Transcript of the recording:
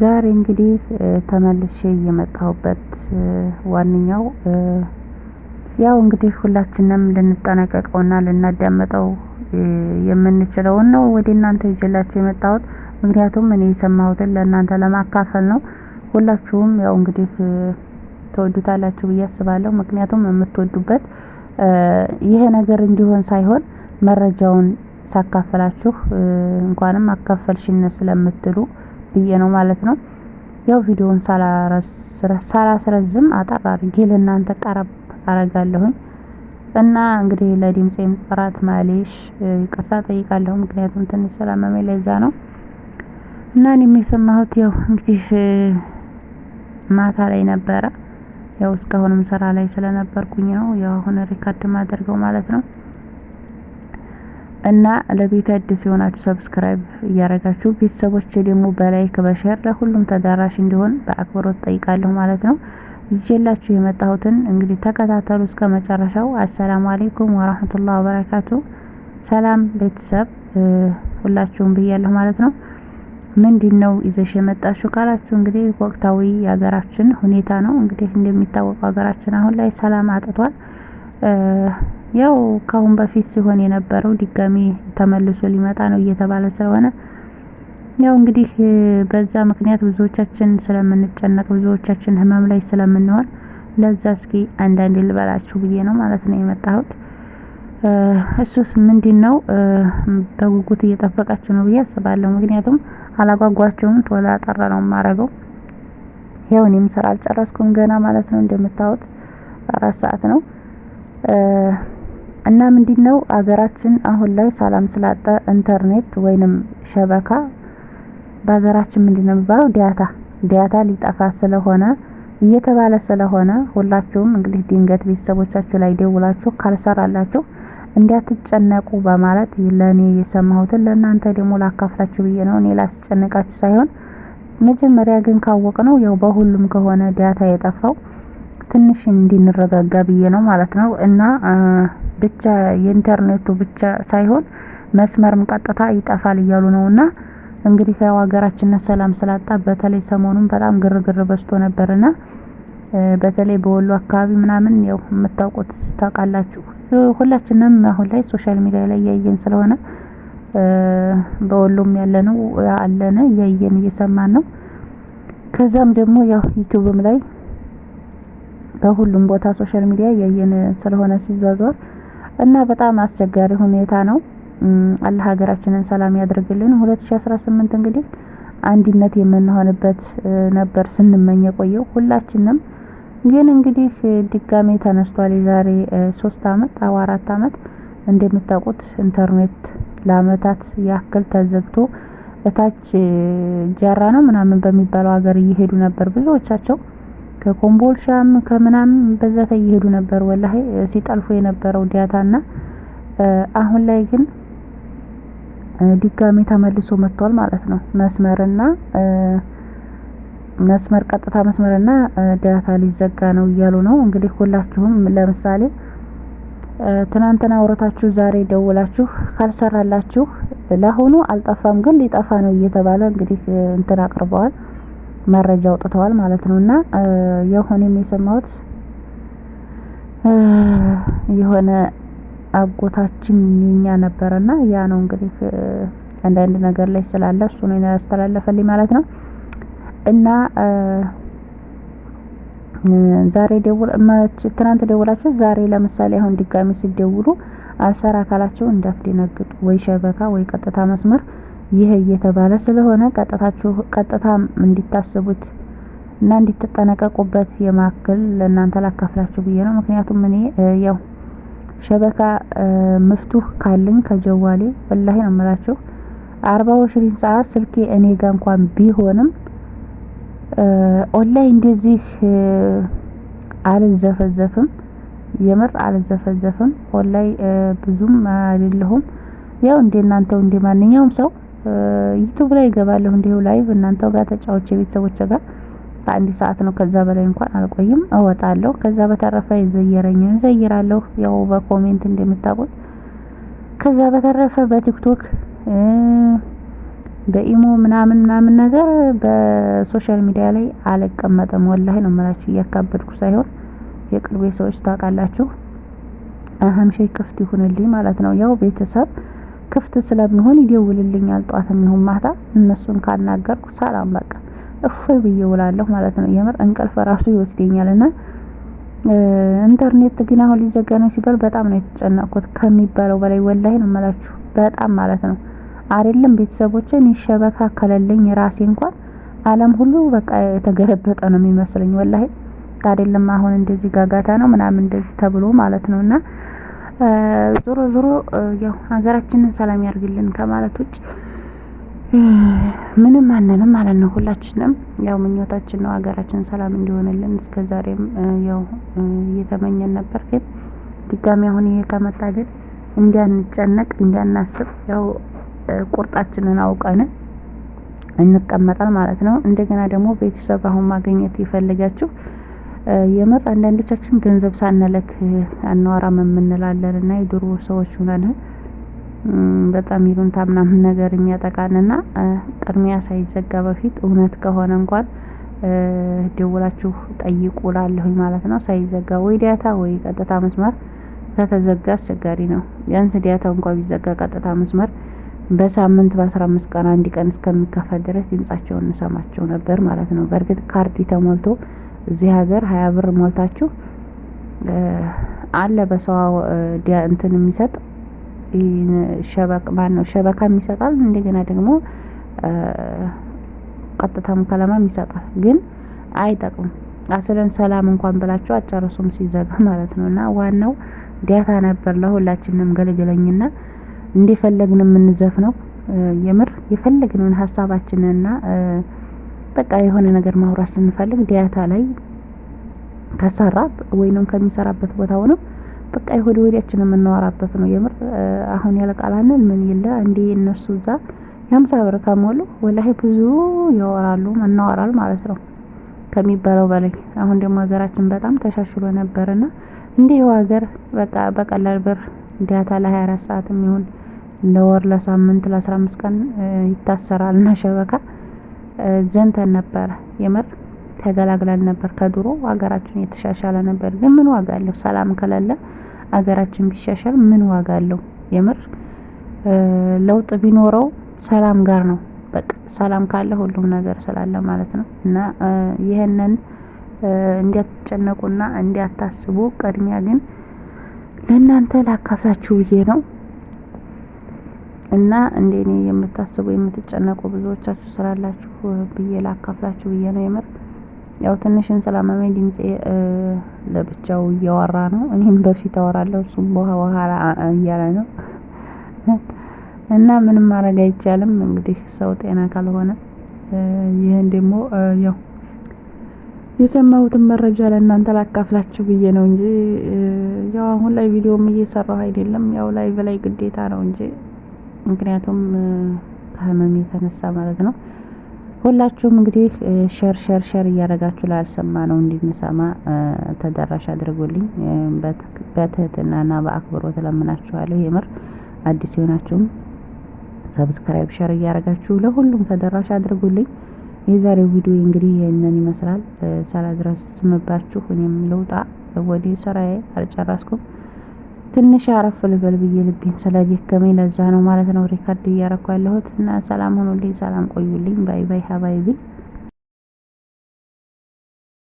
ዛሬ እንግዲህ ተመልሼ የመጣሁበት ዋነኛው ያው እንግዲህ ሁላችንም ልንጠነቀቀውና ልናዳመጠው የምንችለውን ነው ወደ እናንተ ይዤላችሁ የመጣሁት። ምክንያቱም እኔ የሰማሁትን ለእናንተ ለማካፈል ነው። ሁላችሁም ያው እንግዲህ ተወዱታላችሁ ብዬ አስባለሁ። ምክንያቱም የምትወዱበት ይሄ ነገር እንዲሆን ሳይሆን መረጃውን ሳካፈላችሁ እንኳንም አካፈልሽነት ስለምትሉ ብዬ ነው ማለት ነው። ያው ቪዲዮውን ሳላስረዝም አጠር አድርጌ ለእናንተ ቀረብ አረጋለሁኝ እና እንግዲህ ለድምፄም ጥራት ማሌሽ ይቅርታ ጠይቃለሁ። ምክንያቱም ትንሽ ስላመመኝ ለዛ ነው። እና እኔም የሰማሁት ያው እንግዲህ ማታ ላይ ነበረ። ያው እስካሁንም ስራ ላይ ስለነበርኩኝ ነው ያው አሁን ሪካርድ ማደርገው ማለት ነው። እና ለቤት አዲስ የሆናችሁ ሰብስክራይብ እያረጋችሁ ቤተሰቦች ደግሞ በላይክ በሸር ለሁሉም ተዳራሽ እንዲሆን በአክብሮት ጠይቃለሁ ማለት ነው። ይዤላችሁ የመጣሁትን እንግዲህ ተከታተሉ እስከ መጨረሻው። አሰላሙ አሌይኩም ወራህመቱላህ ወበረካቱ። ሰላም ቤተሰብ ሁላችሁም ብያለሁ ማለት ነው። ምንድን ነው ይዘሽ የመጣችሁ ካላችሁ እንግዲህ ወቅታዊ የሀገራችን ሁኔታ ነው። እንግዲህ እንደሚታወቀው ሀገራችን አሁን ላይ ሰላም አጥቷል። ያው ከአሁን በፊት ሲሆን የነበረው ድጋሚ ተመልሶ ሊመጣ ነው እየተባለ ስለሆነ ያው እንግዲህ በዛ ምክንያት ብዙዎቻችን ስለምንጨነቅ ብዙዎቻችን ህመም ላይ ስለምንሆን ለዛ እስኪ አንዳንድ ልበላችሁ ብዬ ነው ማለት ነው የመጣሁት። እሱስ ምንድን ነው በጉጉት እየጠበቃችሁ ነው ብዬ አስባለሁ። ምክንያቱም አላጓጓቸውም ቶሎ አጠራ ነው ማረገው። ያው እኔም ስራ አልጨረስኩም ገና ማለት ነው እንደምታዩት አራት ሰዓት ነው። እና ምንድን ነው አገራችን አሁን ላይ ሰላም ስላጣ ኢንተርኔት ወይንም ሸበካ በሀገራችን ምንድን ነው የሚባለው ዲያታ ዲያታ ሊጠፋ ስለሆነ እየተባለ ስለሆነ ሁላችሁም እንግዲህ ድንገት ቤተሰቦቻችሁ ላይ ደውላችሁ ካልሰራላችሁ እንዳትጨነቁ በማለት ለእኔ የሰማሁትን ለእናንተ ደግሞ ላካፍላችሁ ብዬ ነው። እኔ ላስጨነቃችሁ ሳይሆን መጀመሪያ ግን ካወቅ ነው ያው በሁሉም ከሆነ ዳታ የጠፋው ትንሽ እንዲንረጋጋ ብዬ ነው ማለት ነው እና ብቻ የኢንተርኔቱ ብቻ ሳይሆን መስመርም ቀጥታ ይጠፋል እያሉ ነው። እና እንግዲህ ሀገራችን ሰላም ስላጣ በተለይ ሰሞኑን በጣም ግርግር በዝቶ ነበርና በተለይ በወሎ አካባቢ ምናምን ያው የምታውቁት ታውቃላችሁ። ሁላችንም አሁን ላይ ሶሻል ሚዲያ ላይ እያየን ስለሆነ በወሎም ነው አለነ እያየን እየሰማን ነው። ከዛም ደግሞ ያው ዩቲዩብም ላይ በሁሉም ቦታ ሶሻል ሚዲያ እያየን ስለሆነ ሲዟዟር እና በጣም አስቸጋሪ ሁኔታ ነው። አላህ ሀገራችንን ሰላም ያድርግልን። 2018 እንግዲህ አንድነት የምንሆንበት ነበር ስንመኝ የቆየው ሁላችንም። ግን እንግዲህ ድጋሜ ተነስቷል። የዛሬ ሶስት አመት አዎ አራት አመት እንደምታውቁት ኢንተርኔት ለአመታት ያክል ተዘግቶ በታች ጀራ ነው ምናምን በሚባለው ሀገር እየሄዱ ነበር ብዙዎቻቸው። ከኮምቦልሻም ከምናምን በዛታ እየሄዱ ነበር ወላሂ ሲጠልፉ የነበረው ዲያታና አሁን ላይ ግን ድጋሜ ተመልሶ መጥቷል ማለት ነው። መስመርና መስመር ቀጥታ መስመርና ዳታ ሊዘጋ ነው እያሉ ነው እንግዲህ። ሁላችሁም ለምሳሌ ትናንትና አውረታችሁ ዛሬ ደውላችሁ ካልሰራላችሁ ለአሁኑ አልጠፋም ግን ሊጠፋ ነው እየተባለ እንግዲህ እንትን አቅርበዋል። መረጃ አውጥተዋል ማለት ነው። እና የሆነም የሆነ አጎታችን የኛ ነበረና ያ ነው እንግዲህ አንዳንድ ነገር ላይ ስላለ እሱ ነው ያስተላለፈልኝ ማለት ነው። እና ዛሬ ደውል ትናንት ደውላችሁ ዛሬ ለምሳሌ አሁን ድጋሚ ሲደውሉ አልሰራ ካላቸው እንዳትደነግጡ፣ ወይ ሸበካ ወይ ቀጥታ መስመር ይህ እየተባለ ስለሆነ ቀጥታችሁ ቀጥታ እንዲታስቡት እና እንዲትጠነቀቁበት የማክል ለእናንተ ላካፍላችሁ ብዬ ነው። ምክንያቱም እኔ ያው ሸበካ መፍቱህ ካለኝ ከጀዋሌ ወላሂ ነው የምላችሁ አርባ ወሽሪን ሰዓት ስልኬ እኔ ጋ እንኳን ቢሆንም ኦንላይን እንደዚህ አልዘፈዘፍም፣ የምር አልዘፈዘፍም። ኦንላይን ብዙም አይደለሁም። ያው እንደ እናንተው እንደ ማንኛውም ሰው ዩቱብ ላይ ይገባለሁ እንዲሁ ላይቭ እናንተው ጋር ተጫዎች የቤተሰቦች ጋር ከአንድ ሰዓት ነው። ከዛ በላይ እንኳን አልቆይም፣ እወጣለሁ። ከዛ በተረፈ የዘየረኝን ዘይራለሁ፣ ያው በኮሜንት እንደምታውቁት። ከዛ በተረፈ በቲክቶክ በኢሞ ምናምን ምናምን ነገር በሶሻል ሚዲያ ላይ አልቀመጥም። ወላሂ ነው የምላችሁ፣ እያካበድኩ ሳይሆን የቅርቤ ሰዎች ታውቃላችሁ። አህም ክፍት ይሁንልኝ ማለት ነው ያው ቤተሰብ ክፍት ስለሚሆን ይደውልልኛል። ጧት የሚሆን ማታ እነሱን ካናገርኩ ሰላም በቃ እፎይ ብዬ ውላለሁ ማለት ነው። የምር እንቅልፍ ራሱ ይወስደኛል እና ኢንተርኔት ግን አሁን ሊዘጋ ነው ሲባል በጣም ነው የተጨነቅኩት ከሚባለው በላይ ወላሂ ነው የምላችሁ። በጣም ማለት ነው አይደለም ቤተሰቦችን ይሸበካከለልኝ ራሴ እንኳን ዓለም ሁሉ በቃ የተገለበጠ ነው የሚመስለኝ ወላሂ አይደለም አሁን እንደዚህ ጋጋታ ነው ምናምን እንደዚህ ተብሎ ማለት ነውና ዞሮ ዞሮ ያው ሀገራችንን ሰላም ያርግልን ከማለት ውጭ ምንም አንልም ማለት ነው። ሁላችንም ያው ምኞታችን ነው ሀገራችን ሰላም እንዲሆንልን እስከ ዛሬም ያው እየተመኘን ነበር። ግን ድጋሚ አሁን ይሄ ከመጣ ግን እንዲያንጨነቅ እንዲያናስብ ያው ቁርጣችንን አውቀንን እንቀመጣል ማለት ነው። እንደገና ደግሞ ቤተሰብ አሁን ማግኘት ይፈልጋችሁ የምር አንዳንዶቻችን ገንዘብ ሳንለክ አናወራም የምንላለን እና የድሮ ሰዎች ሁነን በጣም ይሉንታ ምናምን ነገር የሚያጠቃንና ቅድሚያ ሳይዘጋ በፊት እውነት ከሆነ እንኳን ደውላችሁ ጠይቁ ላለሁኝ ማለት ነው። ሳይዘጋ ወይ ዲያታ ወይ ቀጥታ መስመር ከተዘጋ አስቸጋሪ ነው። ቢያንስ ዳታ እንኳ ቢዘጋ ቀጥታ መስመር በሳምንት በአስራ አምስት ቀን አንድ ቀን እስከሚከፈል ድረስ ድምጻቸውን እንሰማቸው ነበር ማለት ነው። በእርግጥ ካርድ ተሞልቶ እዚህ ሀገር ሀያ ብር ሞልታችሁ አለ በሰው ዲያ እንትን የሚሰጥ ሸበቅ ማን ነው ሸበካም ይሰጣል። እንደገና ደግሞ ቀጥታ ሙከላማም ይሰጣል። ግን አይጠቅም። አስለን ሰላም እንኳን ብላችሁ አጨረሱም ሲዘጋ ማለት ነው። እና ዋናው ዲያታ ነበር ለሁላችንም ገልግለኝና እንደፈለግን ነው የምር የፈለግነውን ሀሳባችንና በቃ የሆነ ነገር ማውራት ስንፈልግ ዲያታ ላይ ከሰራ ወይንም ከሚሰራበት ቦታ ሆነው በቃ የሆድ ወዲያችን የምናወራበት ነው። የምር አሁን ያለ ምን የለ እንዴ እነሱ እዛ የሀምሳ ብር ከሞሉ ወላሂ ብዙ ያወራሉ እናወራል ማለት ነው ከሚባለው በላይ። አሁን ደግሞ ሀገራችን በጣም ተሻሽሎ ነበርና እንዲህ ይኸው ሀገር በቃ በቀላል ብር ዲያታ ለ24 ሰዓት የሚሆን ለወር፣ ለሳምንት፣ ለ15 ቀን ይታሰራል እና ሸበካ ዘንተን ነበረ። የምር ተገላግለን ነበር። ከድሮ ሀገራችን የተሻሻለ ነበር። ግን ምን ዋጋ አለው? ሰላም ከሌለ ሀገራችን ቢሻሻል ምን ዋጋ አለው? የምር ለውጥ ቢኖረው ሰላም ጋር ነው። በቃ ሰላም ካለ ሁሉም ነገር ስላለ ማለት ነው። እና ይህንን እንዲያትጨነቁና እንዲያታስቡ ቅድሚያ ግን ለእናንተ ላካፍላችሁ ብዬ ነው። እና እንደ እኔ የምታስቡ የምትጨነቁ ብዙዎቻችሁ ስላላችሁ ብዬ ላካፍላችሁ ብዬ ነው። የምር ያው ትንሽን ስላመመኝ ድምፄ ለብቻው እያወራ ነው። እኔም በፊት አወራለሁ፣ እሱም በኋላ እያለ ነው እና ምንም ማድረግ አይቻልም። እንግዲህ ሰው ጤና ካልሆነ ይህን ደግሞ ያው የሰማሁትን መረጃ ለእናንተ ላካፍላችሁ ብዬ ነው እንጂ ያው አሁን ላይ ቪዲዮም እየሰራሁ አይደለም። ያው ላይቭ ላይ ግዴታ ነው እንጂ ምክንያቱም ከህመም የተነሳ ማለት ነው። ሁላችሁም እንግዲህ ሸር ሸር ሸር እያደረጋችሁ ላልሰማ ነው እንድንሰማ ተደራሽ አድርጉልኝ። በትህትናና በአክብሮት እለምናችኋለሁ። የምር አዲስ የሆናችሁም ሰብስክራይብ ሸር እያደረጋችሁ ለሁሉም ተደራሽ አድርጉልኝ። የዛሬው ቪዲዮ እንግዲህ ይህንን ይመስላል። ድረስ ስምባችሁ እኔም ልውጣ ወደ ስራዬ አልጨረስኩም። ትንሽ ያረፍ ልበል ብዬ ልቤን ስለደከመኝ ለዛ ነው ማለት ነው ሪካርድ እያረኩ ያለሁት እና ሰላም ሆኑልኝ፣ ሰላም ቆዩልኝ። ባይ ባይ ሀባይቢ